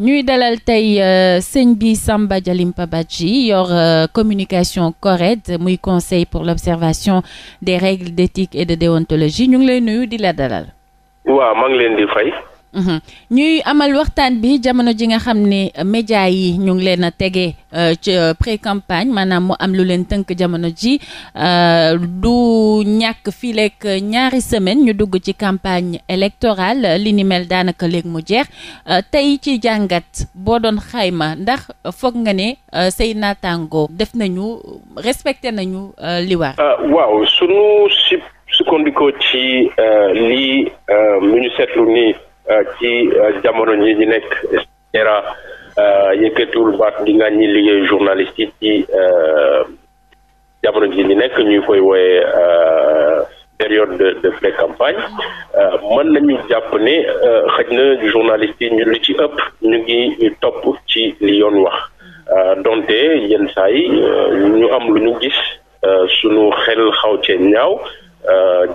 ñuy dalal tey euh, sëñ bi Samba Djalimpa Badji yor euh, communication CORED muy conseil pour l'observation des règles d'éthique et de déontologie ñu ngi lay nuyu di la dalal. Mhm. ñuy amal waxtaan bi jamono ji nga xam ne média yi ñu ngi leen a tege euh, ci euh, pré campagne maanaam mu am lu leen tënk jamono ji euh, du ñàkk fileek ñaari semaine ñu dugg ci campagne électorale li ni mel daanaka léeg mu jeex tey ci jàngat boo doon xayma ndax foog nga ne sey naataango def nañu respecté nañu li war. waaw sunu sukkandikoo ci lii ñu seetlu nii. Euh, ci euh, jamono ji ñu nekk era euh, yëkkatiwul baat di nga ñi liggéey journaliste yi ci jamono ji ñu nekk ñu koy wooye période de de pré campagne mën nañu jàpp ne xëj na journaliste yi ñu li ci ëpp ñu ngi topp ci li wax donte yenn saa ñu am lu ñu gis sunu xel xaw cee ñaaw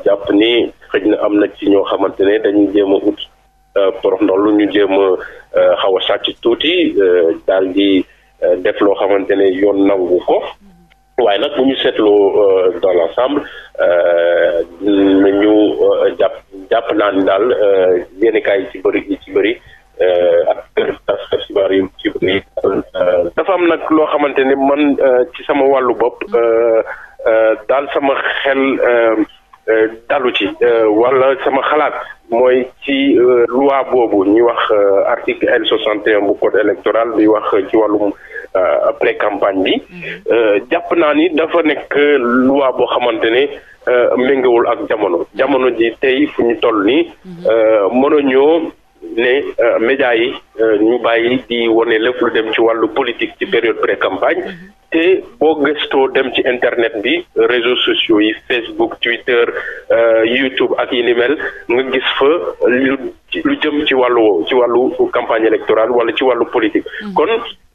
jàpp ni xëj na am na ci ñoo xamante ne dañu jéem a ut Euh, porox ndollu ñu jéem a euh, xaw a sàcc tuuti euh, daal di def loo xamante ne yoon nangu ko waaye nag bu ñu seetloo dans l'ensemble ñu jàpp jàpp naa daal yenn kaay yi ci bëri yi ci bëri ak tas yi ci bëri dafa am nag loo xamante ne man ci sama wàllu bopp daal sama xel jàllu ci euh, wala sama xalaat mooy ci euh, loi boobu ñuy wax euh, article L soixante et un bu code électoral bi wax ci wàllum pré campagne bi mm-hmm. jàpp naa ni dafa nekk loi boo xamante ne méngewul ak jamono jamono ji tey fu ñu toll nii mm-hmm. mënuñoo ne média yi ñu bàyyi di wane lépp lu dem ci wàllu politique ci période pré campagne mm-hmm. te boo gëstoo dem ci internet bi réseaux sociaux yi Facebook Twitter euh, YouTube ak yi ni nga gis fa lu lu jëm ci wàllu ci wàllu campagne électorale wala ci wàllu politique mm-hmm. kon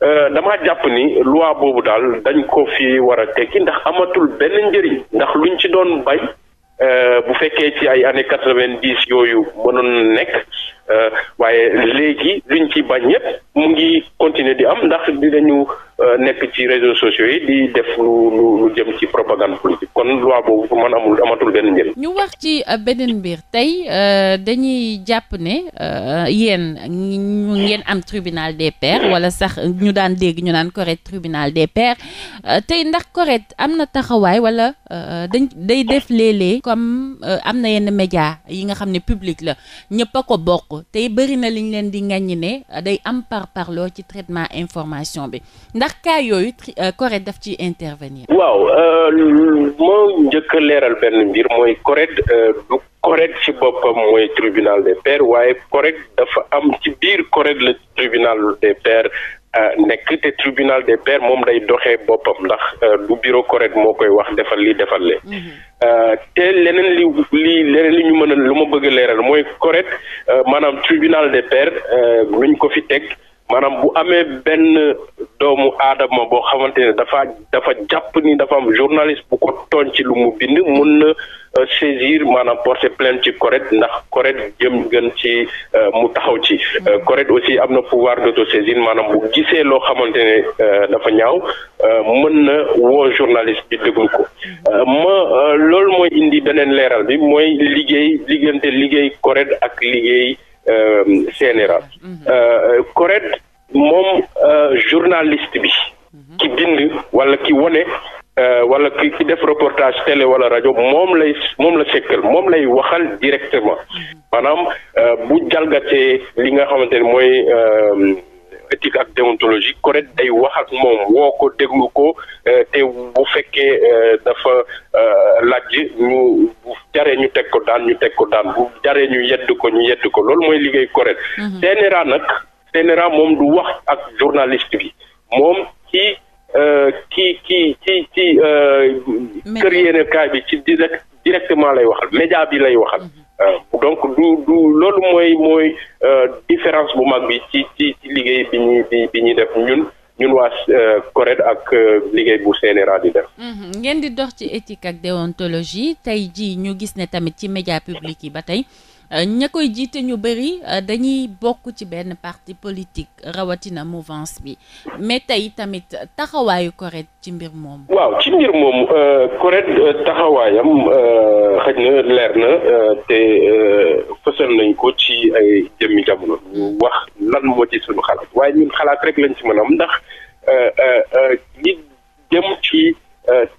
euh, dama jàpp ni loi boobu daal dañ ko fi war a tekki ndax amatul benn njëriñ ndax luñ ci doon bay euh, bu fekkee ci ay années quatre-vingt-dix yooyu mënoon nekk waaye léegi luñ ci bañ yépp mu ngi continuer di am ndax dinañu Euh, nekk ci réseaux sociaux yi di def lu lu jëm ci propagande politique kon loi boobu man amul amatul benn njëriñ. ñu wax ci euh, beneen mbir tey euh, dañuy jàpp ne yéen ñu ngeen am tribunal des pairs wala sax ñu daan dégg ñu naan correct tribunal des pairs tey ndax correct am na taxawaay wala dañ day def léeg-léeg comme am na yenn média yi nga xam ne publique la ñëpp a ko bokk tey bëri na li liñ leen di ŋaññi ne day am par parloo ci traitement information bi. ndax cas yooyu euh, CORED daf ci intervenir. waaw euh, moo njëkk a leeral benn mbir mooy CORED euh, du CORED ci boppam mooy tribunal de pairs waaye CORED dafa am ci biir CORED la tribunal des pairs. nekk te tribunal des pairs moom day doxe boppam ndax du bureau CORED moo koy wax defal li defal le mhm. te leneen li li leneen li ñu mën lu ma bëgg leeral mooy CORED maanaam tribunal des pairs luñ ko fi teg maanaam bu amee benn doomu aadama boo xamante ne dafa dafa jàpp ni dafa am journaliste bu ko tooñ ci lu mu bind mun na euh, saisir maanaam porter plainte ci CORED ndax CORED jëm gën ci euh, mu taxaw ci euh, CORED aussi am na pouvoir d'autosaisine maanaam bu gisee loo xamante ne dafa ñaaw mën na woo journaliste bi déglu ko ma loolu mooy indi beneen leeral bi mooy liggéey liggante liggéey CORED ak liggéey Euh, CNRA. Euh, euh, CORED moom journaliste bi. Mhm. ki bind wala ki wone wala ki ki def reportage télé wala rajo moom lay moom la sekkal moom lay waxal directement mhm. maanaam bu jalgatee li nga xamante ne mooy. éthique ak déontologie CORED day wax ak moom woo ko déglu ko euh, te bu fekkee euh, dafa euh, laaj ñu bu jaree ñu teg ko daan ñu teg ko daan bu jaree ñu yedd ko ñu yedd ko loolu mooy liggéey CORED. CNRA mhm. nag CNRA moom du wax ak journaliste bi moom ci ci ci ci ci kër yéene kaay bi ci direct directement lay waxal média bi lay waxal. Mhm. Euh, donc du du loolu mooy mooy euh, différence bu mag bi ci ci liggéey bi ñuy bi bi ñuy def ñun ñun waa euh, CORED ak liggéey bu CNRA di def. Mhm. ngeen di dox ci éthique ak déontologie tey jii ñu gis ne tamit ci média public yi ba tey. Euh, ña koy jiite ñu bëri euh, dañuy bokk ci benn parti politique rawatina mouvance bi mais tey tamit taxawaayu CORED ci mbir moomu. waaw ci mbir moomu euh, CORED taxawaayam xëj na leer na te fësal nañ ko ci ay jëmmi jamono. Mm. wax lan moo ci suñu xalaat waaye ñun xalaat rek lañ ci mën ndax li jëm ci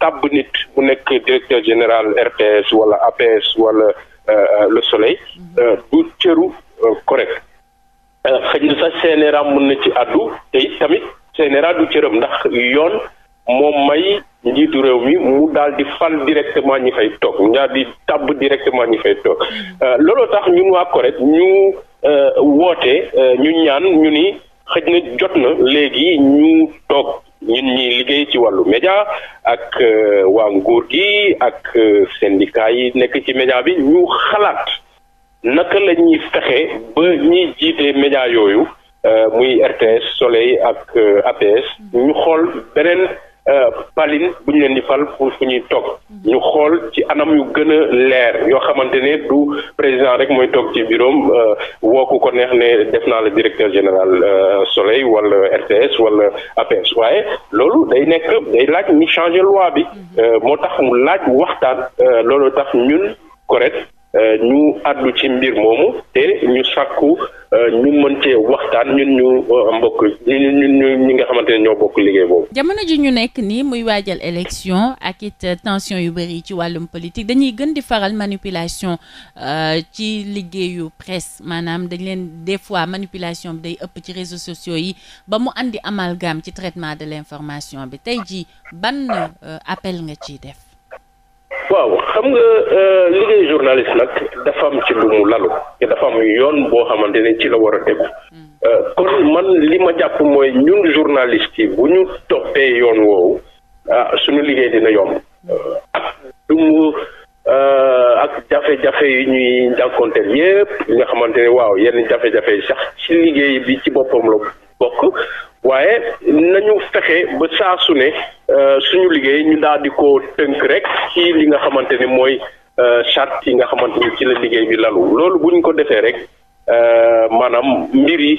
tabb nit bu nekk directeur général RTS wala APS wala. Euh, le soleil mhm. euh, du cëru correct euh, xëy na sax CNRA mën na ci àddu te it tamit CNRA du cëram ndax yoon moom may njiitu réew mi mu daal di fal directement ñi fay toog mu daal di tàbb directement ñi fay toog mhm. looloo tax ñun waa correct ñu woote ñu ñaan ñu ni xëj na jot na léegi ñu toog ñu ñi liggéey ci wàllu média ak euh, waa nguur gi ak euh, syndicat yi nekk ci média bi ñu xalaat naka la ñuy fexe ba ñiy jiite média yooyu euh, muy RTS Soleil ak APS ñu xool beneen Euh, palin bu ñu leen di fal pour fu ñuy toog ñu xool ci anam yu gën a leer yoo xamante ne du président rek mooy toog ci bureau am euh, woo ko neex ne def naa la directeur général euh, Soleil wala RTS wala APS waaye loolu day nekk day laaj ñu changer loi bi mm-hmm. moo tax mu laaj waxtaan loolu tax ñun correct Euh, ñu àddu ci mbir moomu te ñu sàkku euh, ñu mën cee waxtaan ñun ñu euh, mbokk ñun ñun ñi nga xamante ñoo bokk liggéey boobu. jamono ji ñu nekk nii muy waajal élection ak it tension yu bëri ci wàllum politique dañuy gën di faral manipulation ci liggéeyu presse maanaam dañ leen des fois manipulation bi day ëpp ci réseaux sociaux yi ba mu andi amalgame ci traitement de l'information bi tey ji ban appel nga ciy def. waaw xam nga euh, liggéey journaliste nag dafa am ci lu mu lalu te dafa am yoon boo xamante ne ci la war a tegu hmm. euh, kon man li ma jàpp mooy ñun journaliste yi bu ñu toppee yoon woowu ah suñu liggéey dina yomb euh, ak ak jafe-jafe yi ñuy jànkonteel yépp nga xamante ne waaw yenn jafe-jafe yi sax ci liggéey bi ci boppam la bokk waaye nañu fexe ba saa su ne euh, suñu liggéey ñu daal di ko tënk rek ci li nga xamante ne mooy euh, charte yi nga xamante ni ci la liggéey bi lalu loolu buñ ko defee rek euh, maanaam mbir yi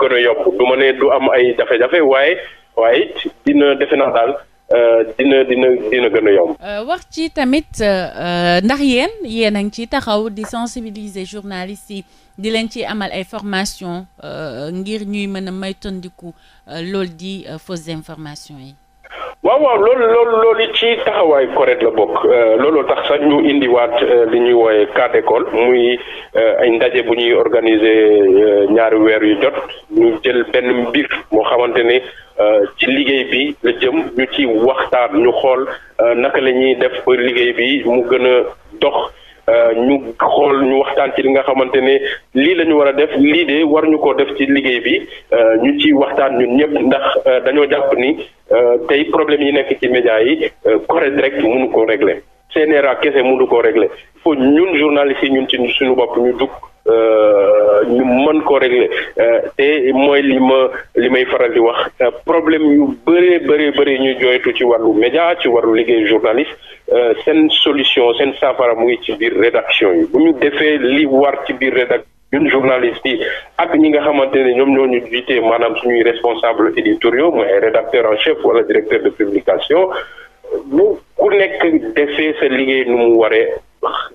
gën a yomb du ma ne du am ay jafe-jafe waaye waaye it dina defe naa daal. Euh, dina dina yomb. Euh, wax ci tamit euh, ndax yéen yéen a ngi ciy taxaw di sensibiliser journalistes yi di leen ci amal ay formation ngir ñuy mën a maytandiku lool di fausses informations yi. waaw waaw loolu loolu loolu ci taxawaay correct la bokk euh, looloo tax sax ñu indiwaat euh, li ñuy wooye cas d'école muy euh, ay ndaje bu ñuy organiser ñaari weer yu jot ñu jël benn mbir moo xamante ne ci liggéey bi la jëm ñu ci waxtaan ñu xool naka la ñuy def liggéey bi mu gën a dox ñu xool ñu waxtaan ci li nga xamante ne lii la ñu war a def lii de war ñu ko def ci liggéey bi euh, ñu ci waxtaan ñun ñëpp ndax euh, dañoo jàpp ni euh, tey problème yi nekk ci média yi CORED rek munu ko régler CNRA kese mënu ko régler il faut ñun journalistes yi ñun ci suñu bopp ñu dugg. Euh, ñu mën koo régler euh, te mooy li ma li may faral di wax euh, problème yu bëree bëree bëri ñu jooytu ci wàllu média ci wàllu liggéey journaliste seen solution seen saafara mu ngi ci biir rédaction yi bu ñu defee li war ci biir rédaction ñun journaliste yi ak ñi nga xamante ne ñoom ñoo ñu jiite maanaam suñuy responsable éditoriaux mooy ay rédacteur en chef wala directeur de publication bu ku nekk defee sa liggéey nu mu waree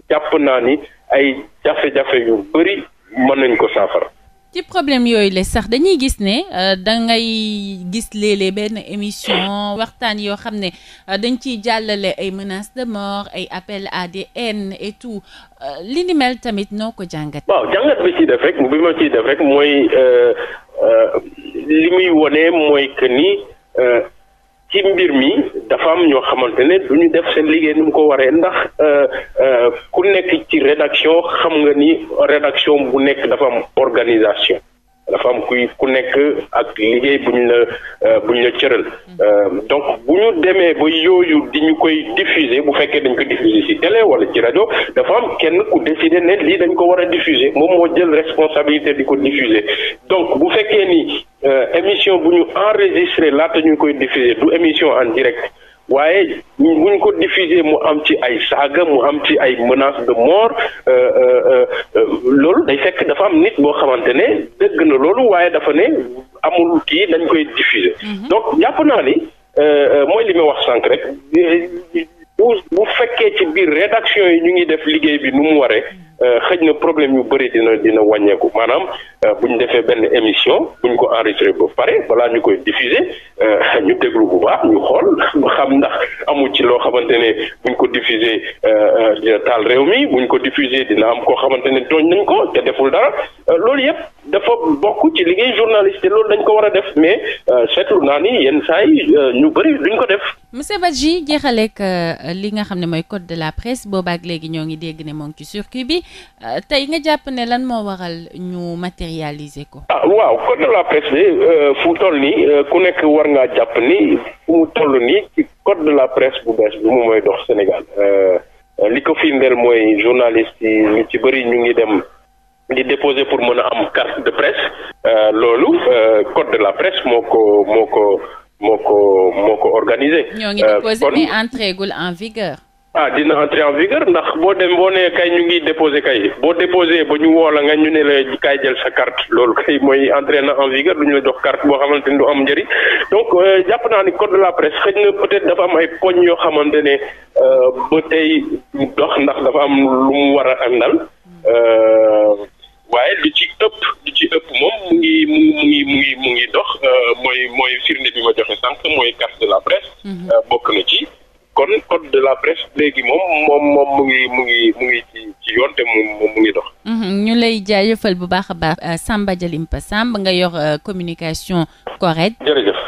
jàpp naa ni ay jafe-jafe yu bëri mën nañ ko saafara. ci problème yooyu la sax dañuy gis ne euh, da ngay gis léeg benn émission waxtaan yoo xam ne euh, dañ ciy jàllale ay menaces de mort ay appel à des haines et tout euh, tamit noo ko jàngat. waaw jàngat bi ci def rek bi ma ciy def rek mooy li muy wone mooy que ci mbir mi dafa am ñoo xamante ne du ñu def seen liggéey ni mu ko waree ndax euh, euh, ku nekk ci rédaction xam nga ni rédaction bu nekk dafa am organisation dafa am kuy ku nekk ak liggéey bu ñu la euh, bu ñu la cëral euh, donc bu ñu demee ba yooyu di ñu koy diffuser bu fekkee dañ ko diffuser ci télé wala ci rajo dafa am kenn ku décider ne lii dañ ko war a diffuser moom moo jël responsabilité di ko diffuser donc bu fekkee ni euh, émission bu ñu enregistré laata ñu koy diffuser du émission en direct waaye buñ ko diffuser mu am ci ay saaga mu am ci ay menace de mort euh, euh, euh, loolu day fekk dafa am nit boo xamante ne dëgg na loolu waaye dafa ne amul kii dañ koy diffuser mhm. donc jàpp naa ni mooy li ma wax sànq rek bu fekkee ci biir rédaction yi ñu ngi def liggéey bi nu mu waree mhm. Euh, xëj na problème yu bëri dina dina wàññeeku maanaam euh, bu ñu defee benn émission bu ñu ko enregistré ba pare balaa ñu koy diffuser euh, ñu déglu bu baax ñu xool xam ndax amul ci loo xamante ne bu ñu ko diffuser dina taal réew mi bu ko diffuser dina am koo xamante ne tooñ nañ ko te deful dara loolu yëpp dafa bokk ci liggéey journaliste te loolu dañ ko war a def mais seetlu naa ni yenn saa yi ñu bëri duñ ko def. monsieur Badji jeexaleeg euh, li nga xam ne mooy code de la presse boobaak léegi ñoo ngi dégg ne moo ngi ci circuit bi euh, tey nga jàpp ne lan moo waral ñu matérialiser ko. ah waaw code de la presse bi euh, fu toll nii ku nekk war ngaa jàpp ni fu toll nii ci code de la presse bu bees bi mu mooy dox Sénégal. li ko firndeel mooy journaliste yi ñu ci bëri ñu ngi dem. di déposer pour mën a am carte de presse loolu code de la presse moo ko moo ko moo ko moo ko organisé. ñoo ngi déposé euh, mais entré en vigueur. ah dina entrer en vigueur ndax boo dem boo nee kay ñu ngi déposé kay boo déposé ba ñu woo la nga ñu ne la kay jël sa carte loolu kay mooy entrer na en vigueur du ñu la jox carte boo xamante ni du am njëriñ donc euh, jàpp naa ni code de la presse xëy na peut-être dafa am ay poñ yoo xamante ne euh, ba tey dox ndax dafa am lu mu war a àndal. waaye lu ci ëpp lu ci ëpp moom mu ngi mu ngi mu ngi mu ngi dox euh, mooy mooy firnde bi ma joxe sànq mooy carte de la presse. Mhm. Euh, bokk na ci kon code de la presse léegi moom moom moom mu ngi mu ngi mu ngi ci ci yoon te mu mu ngi dox. Mhm, ñu lay jaajëfal bu baax a baax euh, Samba Djalimpa Samb nga yor communication correcte. jërëjëf.